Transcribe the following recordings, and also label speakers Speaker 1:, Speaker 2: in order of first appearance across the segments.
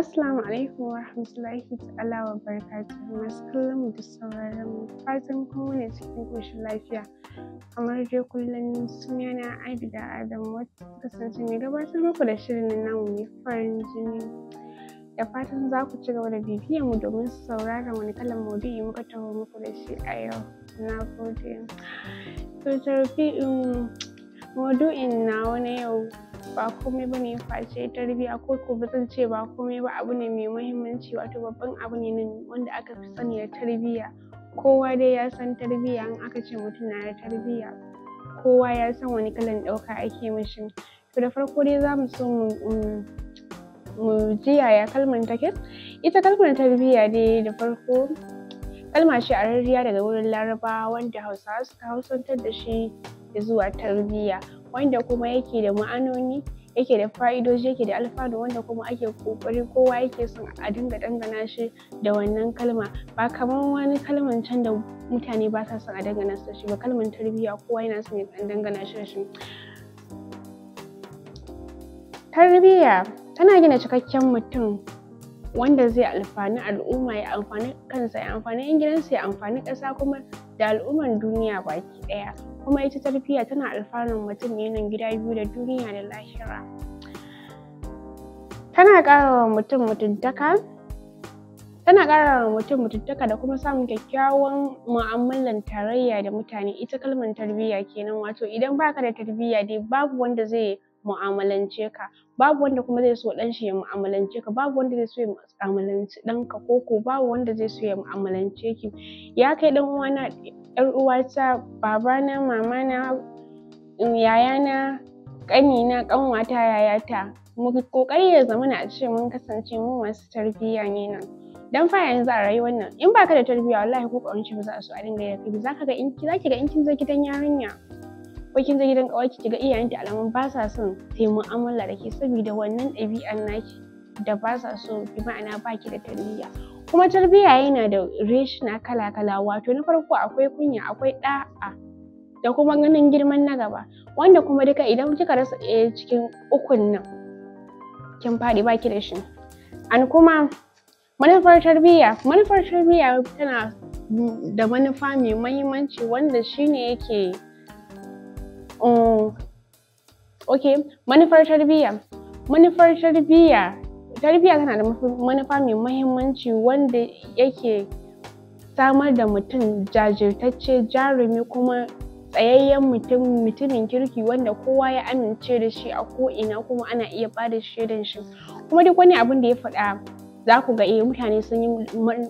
Speaker 1: Assalamu alaikum wa rahmatullahi ta'ala wa barakatuhu masu kallon mu da sauraron mu fatan kuma ne cikin ƙoshin lafiya kamar dai kullum sunana Abida Adam wata kasance mai gabatar muku da shirin namu mai farin jini da fatan za ku ci gaba da bibiyar mu domin sauraron wani kalan maudu'i muka taho muku da shi a yau na gode to maudu'in nawa na yau ba komai ba ne face tarbiyya ko ko zan ce ba komai ba abu ne mai muhimmanci wato babban abu ne wanda aka fi sani da tarbiyya kowa dai ya san tarbiyya in aka ce mutum na da tarbiyya kowa ya san wani kalan ɗauka ake mishi to da farko dai za mu so mu ji yaya kalmar take ita kalmar tarbiyya dai da farko kalma ce a rarriya daga wurin Laraba, wanda hausawa suka hausantar da shi zuwa tarbiyya wanda kuma yake da ma'anoni yake da fa'idoji yake da alfanu wanda kuma ake kokari kowa yake son a dinga dangana shi da wannan kalma ba kamar wani kalman can da mutane ba sa son a dangana su shi ba kalman tarbiyya kowa yana son ya dangana shi da shi tarbiyya tana gina cikakken mutum wanda zai alfani al'umma ya amfani kansa ya amfani gidansa ya amfani ƙasa kuma da al'ummar duniya baki ɗaya kuma ita tarbiyya tana alfanun mutum ne nan gida biyu da duniya da lahira tana karawa mutum mutuntaka tana karawa mutum mutuntaka da kuma samun kyakkyawan mu'amalan tarayya da mutane ita kalmar tarbiyya kenan wato idan baka da tarbiyya dai babu wanda zai mu'amalance ka babu wanda kuma zai so ɗan shi ya mu'amalance ka babu wanda zai so ya mu'amalanci ɗanka ko ko babu wanda zai so ya mu'amalance ki ya kai ɗan uwana ƴar uwata babana mamana mm, yayana ƙanina ƙanwata yayata mu ƙoƙari ya na a ce mun kasance mu masu tarbiyya ne nan dan fa yanzu a rayuwar nan in baka da tarbiyya wallahi ko ƙaunci ba za a so a dinga yi ba za ka ga in za ki ga in kin zo gidan yarinya bakin zai gidan kawai ki ga iyayenta alamun ba sa son sai yi mu'amala da ke saboda wannan ɗabi'ar naki da ba sa so bi ma'ana ba ki da tarbiyya kuma tarbiyya yana da na kala kala wato na farko akwai kunya akwai ɗa'a da kuma ganin girman na gaba wanda kuma duka idan kika rasa ɗaya cikin ukun nan kin faɗi ba ki da shi an kuma manufar tarbiyya manufar tarbiyya tana da manufa mai mahimmanci wanda shine yake ok manufar tarbiyya manufar tarbiyya tarbiyya tana da manufa mai mahimmanci wanda yake samar da mutum jajirtacce jarumi kuma tsayayyen mutum mutumin kirki wanda kowa ya amince da shi a ko'ina kuma ana iya bada shaidan shi kuma duk wani abin da ya faɗa za ku ga eh mutane sun yi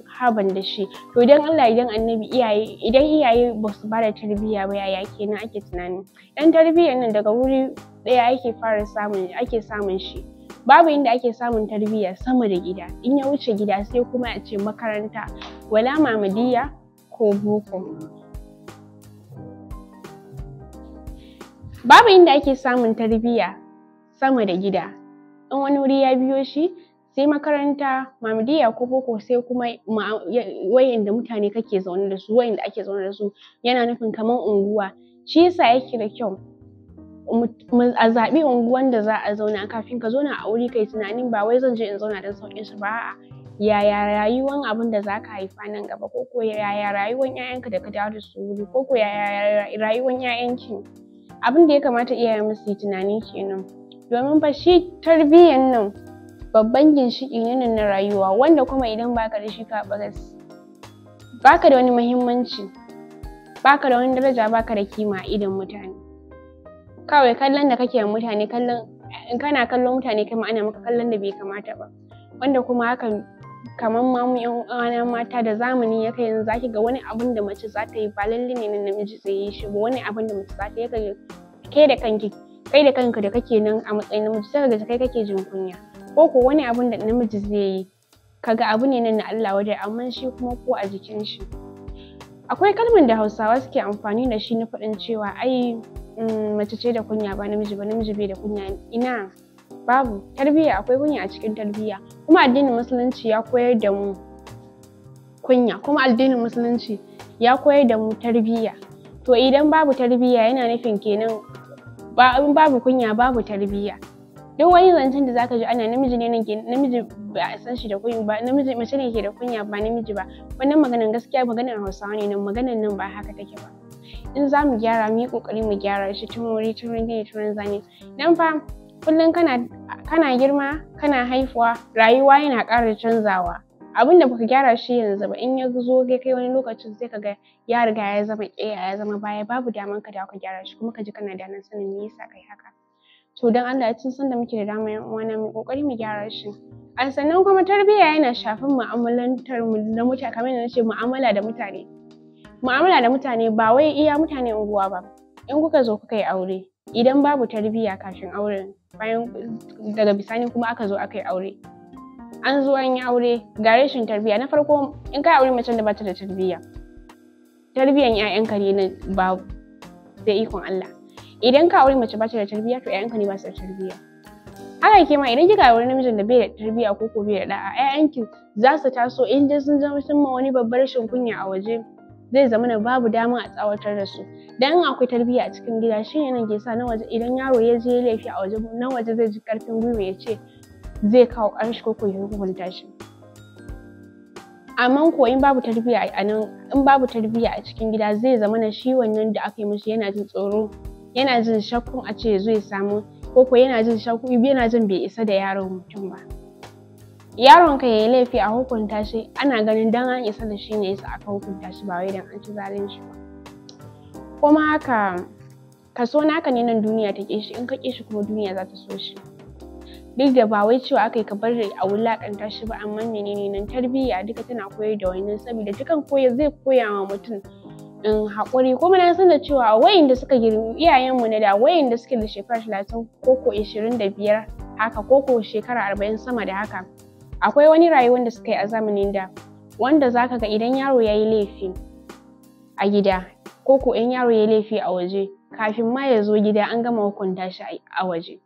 Speaker 1: harban da shi to idan Allah idan annabi iyaye idan iyaye ba su ba da tarbiyya ba yaya kenan ake tunani dan tarbiyyar nan daga wuri daya ake fara samun ake samun shi babu inda ake samun tarbiyya sama da gida in ya wuce gida sai kuma a ce makaranta wala mamadiya ko boko babu inda ake samun tarbiyya sama da gida in wani wuri ya biyo shi sai makaranta mamadiya ko boko sai kuma da mutane kake zaune da su da ake zaune da su yana nufin kamar unguwa shi yasa yake da kyau a zaɓi unguwan da za a zauna kafin ka zauna a wuri kai tunanin ba wai zan je in zauna don sauƙin su ba a'a yaya rayuwan abin da zaka haifa nan gaba ko ko yaya rayuwan ƴaƴanka da ka dawo da su wuri ko ko yaya rayuwan ƴaƴanki abin da ya kamata iyaye musu yi tunani kenan domin fa shi tarbiyyan nan babban ginshiƙi ne na rayuwa wanda kuma idan baka da shi ka baras baka da wani muhimmanci baka da wani daraja baka da kima a idon mutane kawai kallon da kake mutane kallon in kana kallon mutane kai ana maka kallon da bai kamata ba wanda kuma hakan kamar ma mu yan uwana mata da zamani ya kai yanzu zaki ga wani abin da mace za ta yi ba lalle ne na namiji zai yi shi ba wani abin da mace za ta yi kai da kanki kai da kanka da kake nan a matsayin namiji sai ga kai kake jin kunya ko ko wani abun da namiji zai yi kaga abu ne nan na Allah waje amma shi kuma ko a jikin shi akwai kalmar da Hausawa suke amfani da shi na faɗin cewa ai mm, mace ce da kunya ba namiji ba namiji bai da kunya ina babu tarbiyya akwai kunya a cikin tarbiyya kuma addinin musulunci ya koyar da mu kunya kuma addinin musulunci ya koyar da mu tarbiyya to idan babu tarbiyya yana nufin kenan ba babu kunya babu tarbiyya duk wani zancen da zaka ji ana namiji ne ke namiji ba a san shi da kunya ba namiji mace ne ke da kunya ba namiji ba wannan maganan gaskiya maganar hausawa ne nan maganan nan ba haka take ba in za mu gyara mu yi kokari mu gyara shi tun wuri tun gini tun zane dan fa kullum kana girma kana haifuwa rayuwa yana ƙara canzawa abin da baka gyara shi yanzu ba in ya zo kai kai wani lokacin sai ga ya riga ya zama ƙeya ya zama baya babu daman ka da ka gyara shi kuma ka ji kana da nan sanin me yasa kai haka to don Allah tun san da muke da dama yan uwana mu kokari mu gyara shi a sannan kuma tarbiyya yana shafin mu'amalantar mu da mutane kamar yadda nace mu'amala da mutane mu'amala da mutane ba wai iya mutane unguwa ba in kuka zo kuka yi aure idan babu tarbiyya kafin auren bayan daga bisani kuma aka zo aka yi aure an zo an yi aure ga rashin tarbiyya na farko in ka aure macen da bata da tarbiyya tarbiyyan 'ya'yanka ne na babu da ikon Allah idan ka aure mace ba da tarbiyya to ƴaƴanka ne ba su da tarbiyya haka ke ma idan kika aure namijin da bai da tarbiyya ko ko bai da da'a ƴaƴanki za su taso in dai sun zama sun ma wani babbar rashin kunya a waje zai zama na babu dama a tsawatar da su dan in akwai tarbiyya a cikin gida ne nan ke sa na waje idan yaro ya je laifi a waje na waje zai ji karfin gwiwa ya ce zai kawo ƙarshe ko ko ya hukunta shi amma ko in babu tarbiyya a nan in babu tarbiyya a cikin gida zai zama na shi wannan da aka yi mishi yana jin tsoro yana jin shakkun a ce zai samu ko ko yana jin shakku yana jin bai isa da yaron mutum ba yaron ka yayi laifi a hukunta shi ana ganin dan an isa da shi ne yasa aka hukunta shi ba wai dan an ci zalunci ba kuma haka kaso naka ne nan duniya ta ƙi shi in ka ƙi shi kuma duniya za ta so shi duk da ba wai cewa aka yi ka bar a wulaƙanta shi ba amma menene nan tarbiyya duka tana koyar da wannan saboda dukan koyar zai koya wa mutum in haƙuri kuma na san da cewa da suka girmi iyayenmu na da wa'inda suke da shekara talatin ko ishirin da biyar haka ko shekara arba'in sama da haka akwai wani rayuwar da suka yi a zamanin da wanda zaka ga idan yaro ya yi laifi a gida ko in yaro ya yi laifi a waje kafin ma ya zo gida an gama hukunta shi a waje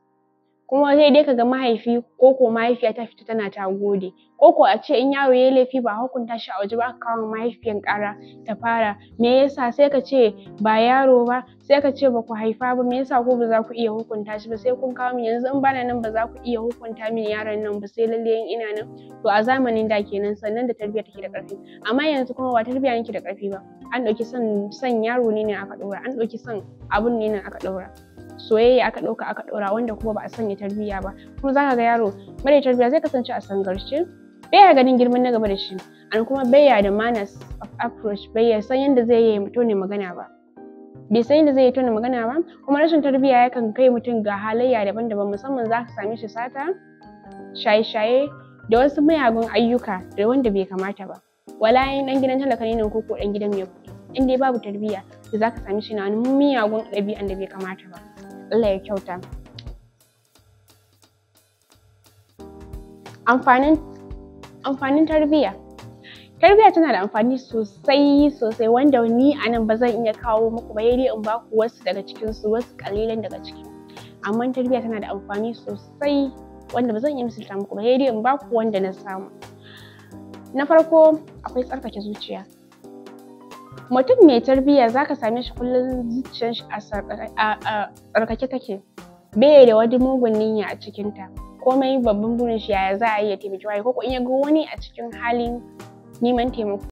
Speaker 1: kuma sai dai ka ga mahaifi koko mahaifiya ta fita tana ta gode ko ko a ce in yaro ya laifi ba a hukunta shi a waje ba aka kawo mahaifiyan ƙara ta fara me yasa sai ka ce ba yaro ba sai ka ce ba ku haifa ba me yasa ko ba za ku iya hukunta shi ba sai kun kawo min yanzu in bana nan ba za ku iya hukunta min yaron nan ba sai lalle in ina nan to a zamanin da kenan sannan da tarbiyya take da ƙarfi amma yanzu kuma ba tarbiyya yake da ƙarfi ba an ɗauki son son yaro ne ne aka ɗaura. an ɗauki son abun ne ne aka ɗaura. soyayya aka ɗauka aka ɗaura, wanda kuma ba a sanya tarbiyya ba kuma zaka ga yaro mara tarbiyya zai kasance a sangarce baya ganin girman na gaba da shi an kuma baya da manners of approach bai san yadda zai yi tone magana ba bai san yadda zai yi tone magana ba kuma rashin tarbiyya yakan kai mutum ga halayya daban-daban musamman za ka same shi sata shaye-shaye da wasu mayagun ayyuka da wanda bai kamata ba wala yin dan gidan talaka ne ko ko dan gidan mai kuɗi in dai babu tarbiyya da za ka same shi na wani miyagun ɗabi'an da bai kamata ba Allah ya kyauta amfanin amfanin tarbiyya tarbiyya tana da amfani sosai sosai wanda ni a nan ba zan iya kawo muku ba dai in baku wasu daga cikin su wasu kalilan daga ciki amma tarbiyya tana da amfani sosai wanda ba zan iya misalta muku ba dai in baku wanda na samu na farko akwai tsarkake zuciya mutum mai tarbiyya ka same shi kullum zuciyar shi a tsarkake take bai da wani mugun niyya a cikinta komai babban burin shi ya za a iya taimaki wani ko in ya ga wani a cikin halin neman taimako